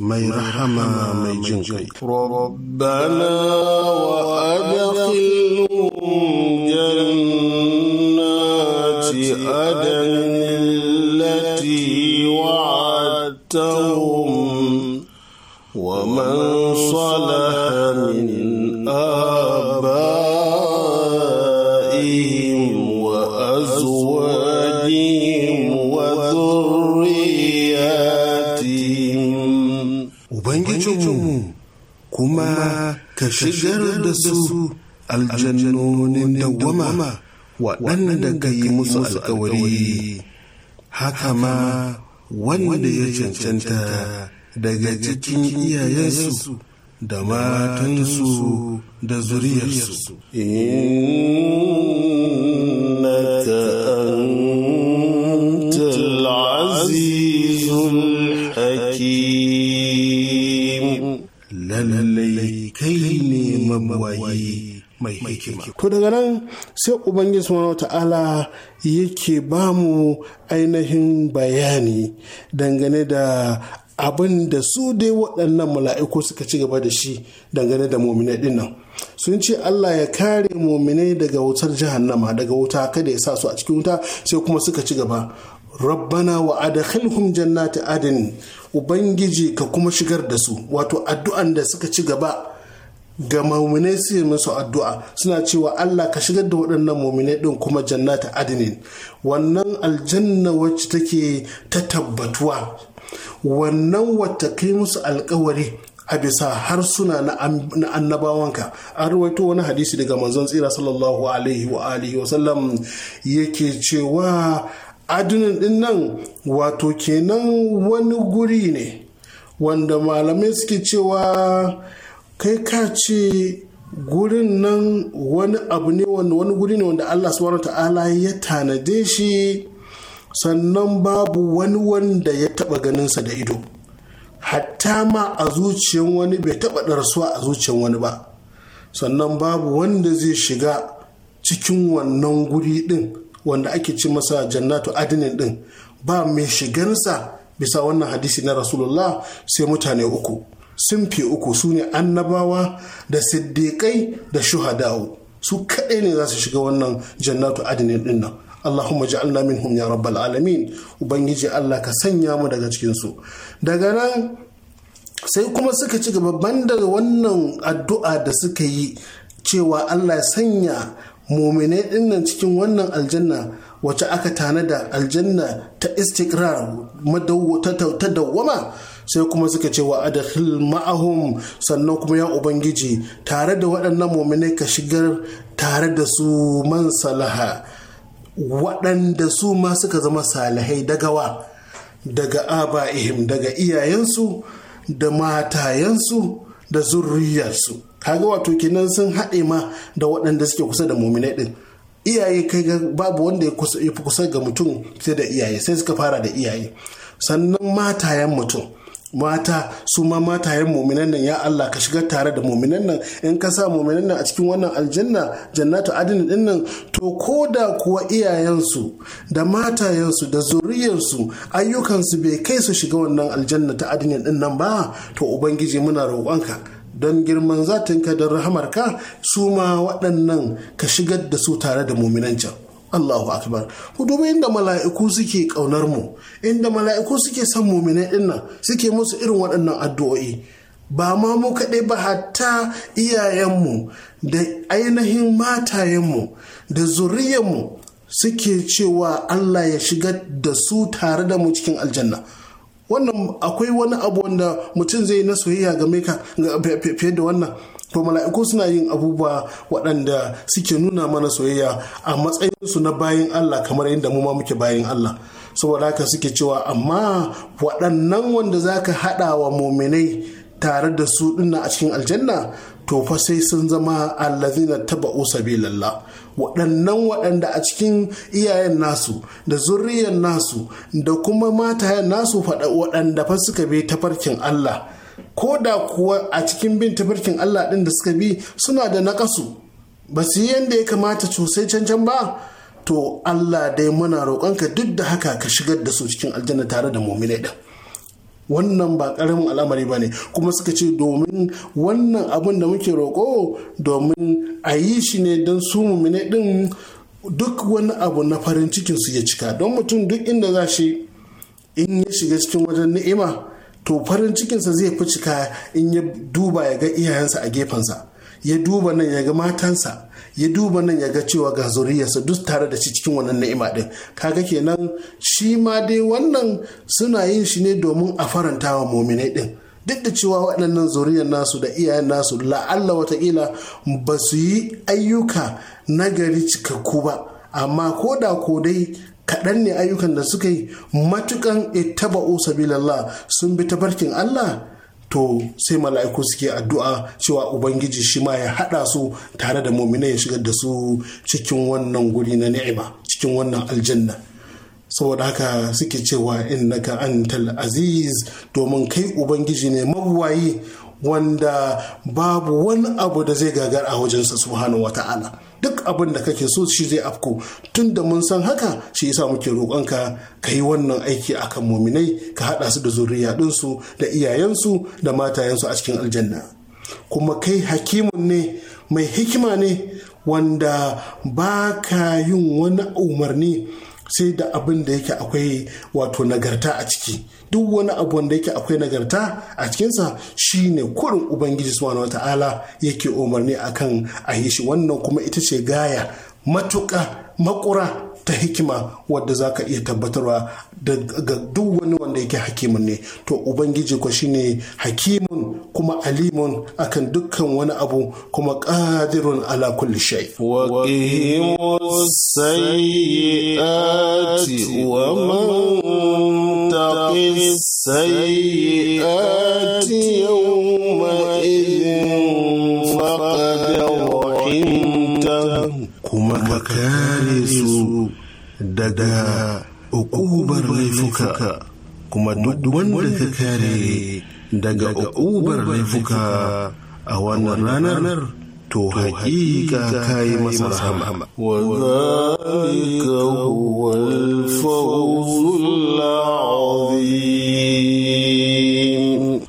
ما يرحم ما يجنك ربنا وأدخل mu kuma ka shigar da su aljannonin dawwama waɗanda ka yi musu alkawari haka ma wanda ya cancanta daga cikin iyayensu da matansu da zuriyarsu. mawaye mai hikima. To daga nan sai Ubangiji wa ta'ala yake ba mu ainihin bayani dangane da abin da su dai waɗannan mala'iku suka ci gaba da shi dangane da mominai dinnan. sun ce Allah ya kare mominai daga wutar jahannama daga wuta kada ya sa su a cikin wuta sai kuma suka ci gaba rabbana wa adakhilhum jannati adin ubangiji ka kuma shigar da su wato addu'an da suka ci gaba ga muminai su yi musu addu'a suna cewa Allah ka shigar da waɗannan muminai ɗin kuma jannata adinin wannan aljanna wacce take ta tabbatuwa wannan wata kai musu alkawari a bisa harsuna na annabawanka an rawaito wani hadisi daga manzon tsira sallallahu alaihi wa alihi wa sallam yake cewa adinin din nan wato kenan wani guri ne wanda malamai suke cewa kai ka ce gurin nan wani abu ne wani guri ne wanda Allah subhanahu ta'ala ya tanade shi sannan babu wani wanda ya taba ganinsa da ido hatta ma a zuciyan wani bai taba darsuwa a zuciyan wani ba sannan babu wanda zai shiga cikin wannan guri din wanda ake ci masa jannatu adinin din ba mai shigarsa bisa wannan hadisi na rasulullah sai mutane uku Sun fi uku su ne annabawa da siddiƙai da shuhada'u su kaɗai ne za su shiga wannan jannatu adinin ɗin nan Allahumma ja'alna minhum ya rabbal alamin ubangiji Allah ka sanya mu daga cikin su daga nan sai kuma suka ci gaba ban banda wannan addu'a da suka yi cewa Allah ya sanya muminai dinnan cikin wannan aljanna wacce aka tanada aljanna ta istikrar ta dawwama sai kuma suka ce wa adkhil ma'ahum sannan kuma ya ubangiji tare da waɗannan muminai ka shigar tare da su man salaha waɗanda su ma suka zama salihai daga wa, daga aba'ihim daga iyayensu da matayensu da zurriyarsu kaga wato kenan sun haɗe ma da waɗanda suke kusa da muminai ɗin iyaye kai babu wanda ya fi kusa ga mutum sai da iyaye sai suka fara da iyaye sannan matayen mutum mata su ma matayen muminan nan ya Allah ka shiga tare da muminan nan in ka sa muminan nan a cikin wannan aljanna jannatu adin din nan to ko da kuwa iyayensu da matayensu da zuriyarsu ayyukansu bai kai su shiga wannan aljanna ta adin din nan ba to ubangiji muna roƙonka don girman zatinka da rahamarka su ma waɗannan ka shigar da su tare da muminan can Allahu akbar ku duba inda mala'iku suke kaunar mu inda mala'iku suke san muminai dinnan suke musu irin waɗannan addu'o'i ba ma mu kaɗai ba hatta iyayen mu da ainihin matayenmu da mu suke cewa Allah ya shiga da su tare da mu cikin aljanna wannan akwai wani abu wanda mutum zai yi na soyayya game ka fiye da wannan to mala'iku suna yin abubuwa waɗanda suke nuna mana soyayya a matsayinsu na bayan Allah kamar yadda mu ma muke bayan Allah saboda haka suke cewa amma waɗannan wanda zaka haɗa wa muminai tare da su ɗinna a cikin aljanna to fa sai sun zama allazina taba'u sabilillah waɗannan waɗanda a cikin iyayen nasu da zurriyan nasu da kuma matayen nasu faɗa waɗanda fa suka bi farkin Allah ko da kuwa a cikin bin tafarkin Allah ɗin da suka bi suna da nakasu ba su yi yadda ya kamata sosai cancan ba to Allah dai muna roƙonka duk da haka ka shigar da su cikin aljanna tare da muminai ɗin wannan ba ƙaramin al'amari ba ne kuma suka ce domin wannan abin da muke roƙo domin a yi shi ne don su mumine ɗin duk wani abu na farin cikin su ya cika don mutum duk inda za shi in ya shiga cikin wajen ni'ima to farin cikinsa zai fi cika in ya duba ya ga iyayensa a gefensa ya duba nan ya ga matansa ya duba nan ya ga cewa ga zuriyarsa duk tare da shi cikin wannan ni'ima din kaga kenan shi ma dai wannan suna yin shi ne domin a faranta wa muminai din duk da cewa waɗannan zuriyar nasu da iyayen nasu la'alla watakila ba su yi ayyuka nagari cikakku ba amma ko da ko dai kaɗan ne ayyukan da suka yi matukan ittaba'u sabilillah sun bi tabarkin Allah to sai mala'iku suke addu'a cewa ubangiji shi ma ya haɗa su tare da muminai ya shigar da su cikin wannan guri na ni'ima cikin wannan aljanna saboda haka suke cewa innaka antal aziz domin kai ubangiji ne mabuwayi wanda babu wani abu da zai gagar a wajensa subhanahu wata'ala duk abin da kake so shi zai afko tun da mun san haka shi yasa muke roƙonka ka yi wannan aiki akan muminai ka haɗa su da zuriya ɗinsu da iyayensu da matayensu a cikin aljanna kuma kai hakimun ne mai hikima ne wanda ba ka yin wani umarni sai da abin da yake akwai wato nagarta a ciki duk wani abu da yake akwai nagarta a cikinsa shi ne kurin ubangiji subhanahu wata'ala yake umarni akan a yi shi wannan kuma ita ce gaya matuka, makura ta hikima wadda za ka iya tabbatarwa ga duk wani wanda yake hakimin ne to ubangiji ko shine hakimun kuma alimun akan dukkan wani abu kuma ƙadirin ala kulli shay wa man taqis kare su daga ukubar laifuka kuma duk wanda ka kare daga ukubar laifuka a wannan ranar to hakika ka yi masa rahama.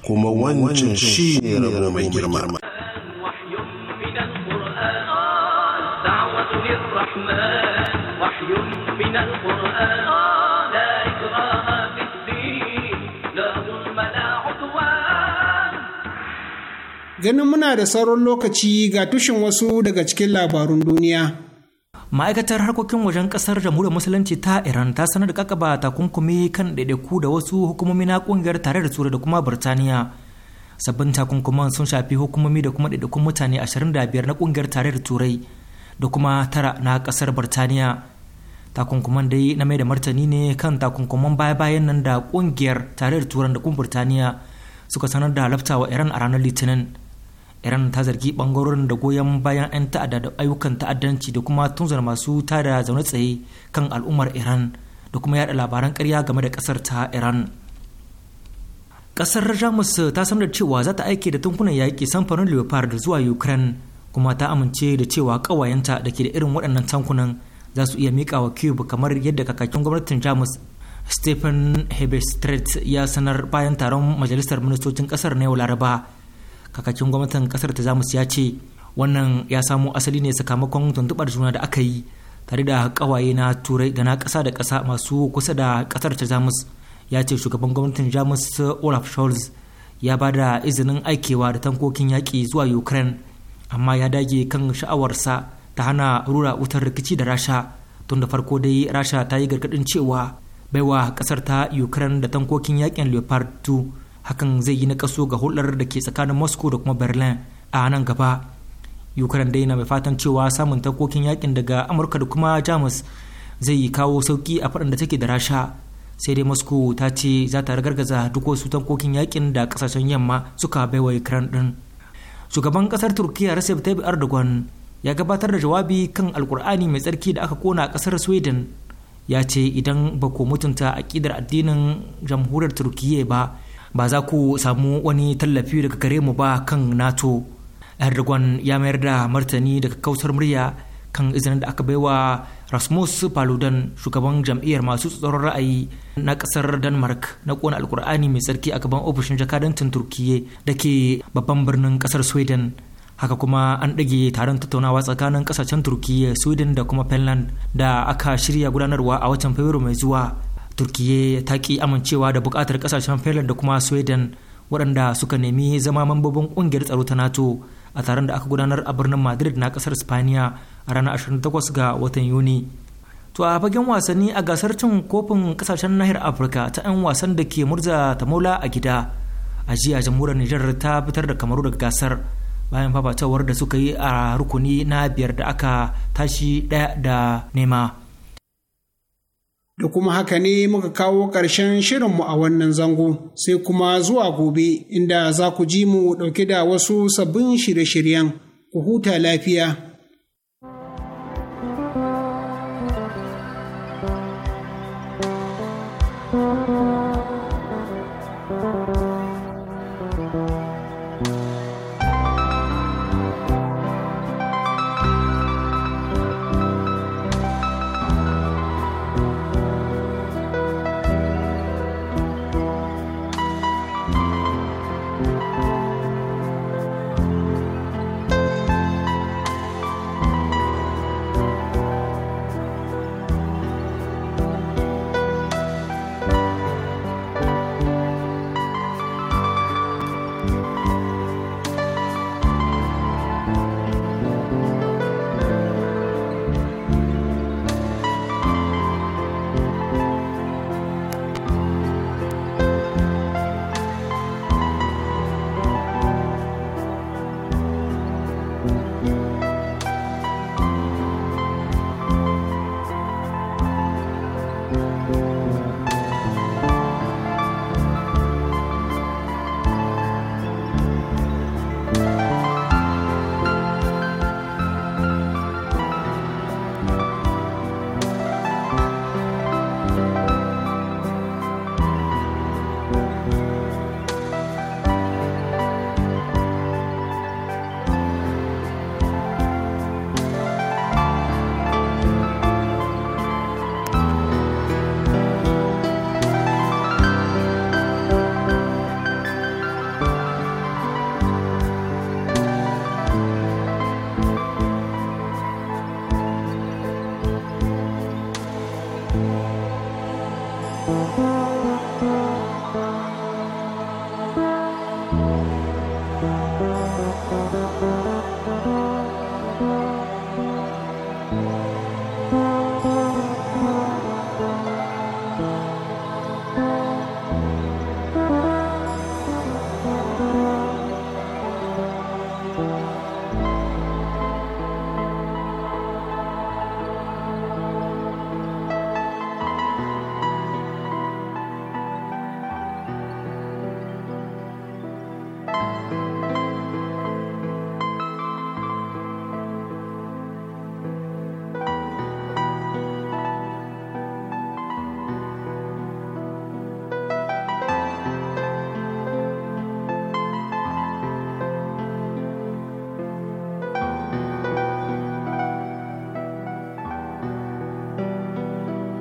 kuma wancan shi ne rabo mai girma. ganin muna da sauran lokaci ga tushen wasu daga cikin labarun duniya. Ma'aikatar harkokin wajen kasar jamhuriyar musulunci ta Iran ta sanar da kakaba takunkumi kan ɗaiɗaiku da wasu hukumomi na ƙungiyar tare da Turai da kuma Birtaniya. Sabbin takunkuman sun shafi hukumomi da kuma ɗaiɗaikun mutane 25 na ƙungiyar tare da Turai da kuma tara na ƙasar Birtaniya. Takunkuman dai na mai da martani ne kan takunkuman baya-bayan nan da ƙungiyar tare da Turan da kuma Birtaniya suka sanar da halafta wa Iran a ranar Litinin. iran ta zargi bangarorin da goyon bayan 'yan ta'adda da ayyukan ta'addanci da kuma tunzar masu tada zaune tsaye kan al'ummar iran da kuma yada labaran karya game da kasar ta iran kasar jamus ta sanar cewa za ta aike da tankunan yaƙi samfarin leopard zuwa ukraine kuma ta amince da cewa ƙawayenta da ke da irin waɗannan tankunan za su iya miƙa wa cube kamar yadda kakakin gwamnatin jamus stephen hebestret ya sanar bayan taron majalisar ministocin ƙasar na yau laraba kakakin gwamnatin kasar ta zamus ya ce wannan ya samo asali ne sakamakon tuntubar juna da aka yi tare da kawaye na turai da na kasa da kasa masu kusa da ƙasar ta jamus ya ce shugaban gwamnatin jamus olaf scholz ya ba da izinin aikewa da tankokin yaƙi zuwa ukraine amma ya dage kan sha'awarsa ta hana rura wutar rikici da rasha tun da farko dai rasha ta yi gargadin cewa baiwa ƙasar ta ukraine da tankokin yaƙin leopard 2 hakan zai yi kaso ga hulɗar da ke tsakanin moscow da kuma berlin a nan gaba ukraine dai na mai fatan cewa samun takokin yakin daga amurka da kuma jamus zai yi kawo sauki a faɗin da take da rasha sai dai moscow ta ce za ta ragargaza duk wasu tankokin yakin da kasashen yamma suka baiwa ukraine din shugaban kasar turkiya recep tayyip erdogan ya gabatar da jawabi kan alkur'ani mai tsarki da aka kona a kasar sweden ya ce idan ba ku mutunta akidar addinin jamhuriyar turkiyya ba ba za ku samu wani tallafi daga gare mu ba kan nato erdogan ya mayar da martani daga kautar murya kan izinin da aka baiwa rasmus paludan shugaban jam'iyyar masu tsaron ra'ayi na kasar denmark na kona alkur'ani mai tsarki a gaban ofishin jakadancin turkiyya da ke babban birnin kasar sweden haka kuma an ɗage taron tattaunawa tsakanin kasashen turkiyya sweden da kuma finland da aka shirya gudanarwa a watan fabrairu mai zuwa turkiye ta ki amincewa da bukatar kasashen finland da kuma sweden waɗanda suka nemi zama mambobin ƙungiyar tsaro ta nato a taron da aka gudanar a birnin madrid na kasar spaniya a ranar 28 ga watan yuni to a fagen wasanni a gasar cin kofin kasashen nahiyar afirka ta 'yan wasan da ke murza tamola a gida a jiya jamhuriyar nijar ta fitar da kamaru daga gasar bayan fafatawar da suka yi a rukuni na biyar da aka tashi ɗaya da nema da kuma haka ne muka kawo ƙarshen shirinmu a wannan zango sai kuma zuwa gobe inda za ku ji mu ɗauke da wasu sabbin shirye-shiryen ku huta lafiya.